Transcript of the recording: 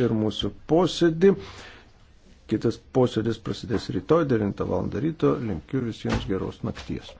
ir mūsų posėdį. Kitas posėdis prasidės rytoj 9 val. ryto. Linkiu visiems geros nakties.